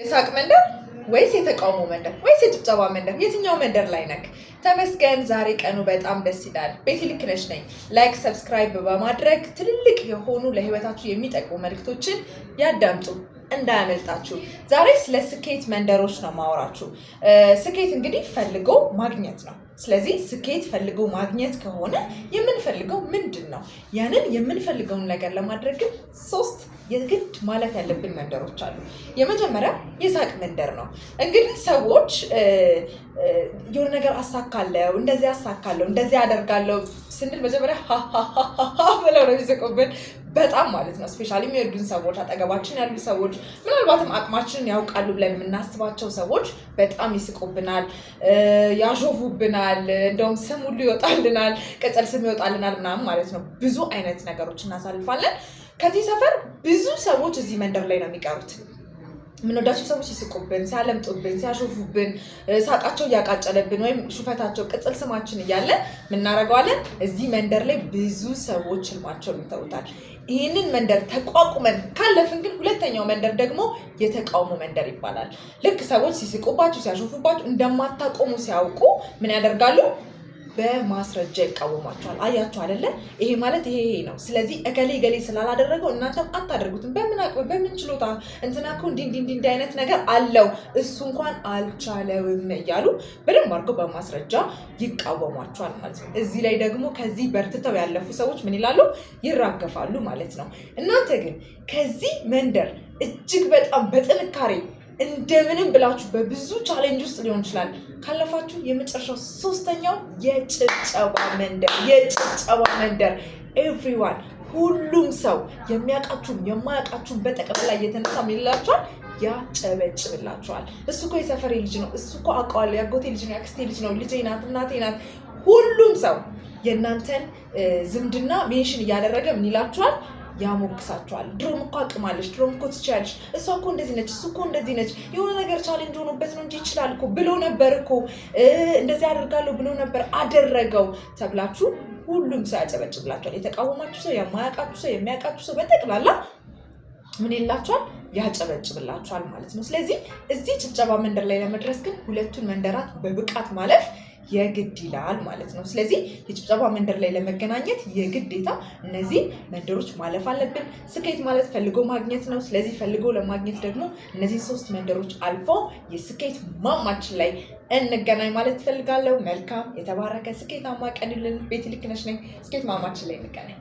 የሳቅ መንደር ወይስ የተቃውሞ መንደር ወይስ የጭብጨባ መንደር? የትኛው መንደር ላይ ነክ? ተመስገን ዛሬ ቀኑ በጣም ደስ ይላል። ቤቲ ልክ ነች ነኝ። ላይክ ሰብስክራይብ በማድረግ ትልልቅ የሆኑ ለህይወታችሁ የሚጠቅሙ መልክቶችን ያዳምጡ እንዳያመልጣችሁ። ዛሬ ስለ ስኬት መንደሮች ነው ማወራችሁ። ስኬት እንግዲህ ፈልጎ ማግኘት ነው። ስለዚህ ስኬት ፈልጎ ማግኘት ከሆነ የምንፈልገው ምንድን ነው? ያንን የምንፈልገውን ነገር ለማድረግ ግን ሶስት የግድ ማለት ያለብን መንደሮች አሉ። የመጀመሪያ የሳቅ መንደር ነው። እንግዲህ ሰዎች የሆነ ነገር አሳካለው፣ እንደዚህ አሳካለው፣ እንደዚህ አደርጋለው ስንል መጀመሪያ ብለው ነው የሚስቁብን በጣም ማለት ነው። ስፔሻሊ የሚወዱን ሰዎች፣ አጠገባችን ያሉ ሰዎች፣ ምናልባትም አቅማችንን ያውቃሉ ብለን የምናስባቸው ሰዎች በጣም ይስቁብናል፣ ያሾፉብናል፣ እንደውም ስም ሁሉ ይወጣልናል፣ ቅጽል ስም ይወጣልናል ምናምን ማለት ነው። ብዙ አይነት ነገሮች እናሳልፋለን። ከዚህ ሰፈር ብዙ ሰዎች እዚህ መንደር ላይ ነው የሚቀሩት። የምንወዳቸው ሰዎች ሲስቁብን፣ ሲያለምጡብን፣ ሲያሾፉብን፣ ሳቃቸው እያቃጨለብን ወይም ሹፈታቸው ቅጽል ስማችን እያለ ምናደርገዋለን። እዚህ መንደር ላይ ብዙ ሰዎች ህልማቸውን ይተውታል። ይህንን መንደር ተቋቁመን ካለፍን ግን ሁለተኛው መንደር ደግሞ የተቃውሞ መንደር ይባላል። ልክ ሰዎች ሲስቁባችሁ፣ ሲያሾፉባችሁ እንደማታቆሙ ሲያውቁ ምን ያደርጋሉ? በማስረጃ ይቃወሟቸዋል። አያቸው አይደለ? ይሄ ማለት ይሄ ይሄ ነው። ስለዚህ እከሌ ገሌ ስላላደረገው እናንተም አታደርጉትም። በምን አቅም በምን ችሎታ እንትና እኮ እንዲህ እንዲህ እንዲህ አይነት ነገር አለው እሱ እንኳን አልቻለውም እያሉ በደንብ አድርገው በማስረጃ ይቃወሟቸዋል ማለት ነው። እዚህ ላይ ደግሞ ከዚህ በርትተው ያለፉ ሰዎች ምን ይላሉ? ይራገፋሉ ማለት ነው። እናንተ ግን ከዚህ መንደር እጅግ በጣም በጥንካሬ እንደምንም ብላችሁ በብዙ ቻሌንጅ ውስጥ ሊሆን ይችላል ካለፋችሁ፣ የመጨረሻው ሶስተኛው የጭብጨባ መንደር የጭብጨባ መንደር ኤቭሪዋን ሁሉም ሰው የሚያውቃችሁም የማያውቃችሁም ላይ እየተነሳ ይላችኋል፣ ያጨበጭብላችኋል። እሱ እኮ የሰፈሬ ልጅ ነው፣ እሱ እኮ አውቀዋለሁ፣ ያጎቴ ልጅ ነው፣ ያክስቴ ልጅ ነው፣ ልጄ ናት፣ እናቴ ናት። ሁሉም ሰው የእናንተን ዝምድና ሜንሽን እያደረገ ምን ይላችኋል? ያሞግሳቸዋል። ድሮም እኮ አቅማለች፣ ድሮም እኮ ትችያለች፣ እሷ እኮ እንደዚህ ነች፣ እሱ እኮ እንደዚህ ነች፣ የሆነ ነገር ቻሌንጅ ሆኖበት ነው እንጂ ይችላል እኮ ብሎ ነበር እኮ እንደዚህ አደርጋለሁ ብሎ ነበር አደረገው ተብላችሁ ሁሉም ሰው ያጨበጭብላችኋል። የተቃወማችሁ ሰው፣ የማያውቃችሁ ሰው፣ የሚያውቃችሁ ሰው በጠቅላላ ምን ይላችኋል? ያጨበጭብላችኋል ማለት ነው። ስለዚህ እዚህ ጭብጨባ መንደር ላይ ለመድረስ ግን ሁለቱን መንደራት በብቃት ማለፍ የግድ ይላል ማለት ነው። ስለዚህ የጭብጨባ መንደር ላይ ለመገናኘት የግዴታ እነዚህ መንደሮች ማለፍ አለብን። ስኬት ማለት ፈልጎ ማግኘት ነው። ስለዚህ ፈልጎ ለማግኘት ደግሞ እነዚህ ሶስት መንደሮች አልፎ የስኬት ማማችን ላይ እንገናኝ ማለት ትፈልጋለሁ። መልካም የተባረከ ስኬታማ ቀን ይሁንልን። ቤት ልክ ነኝ። ስኬት ማማችን ላይ እንገናኝ።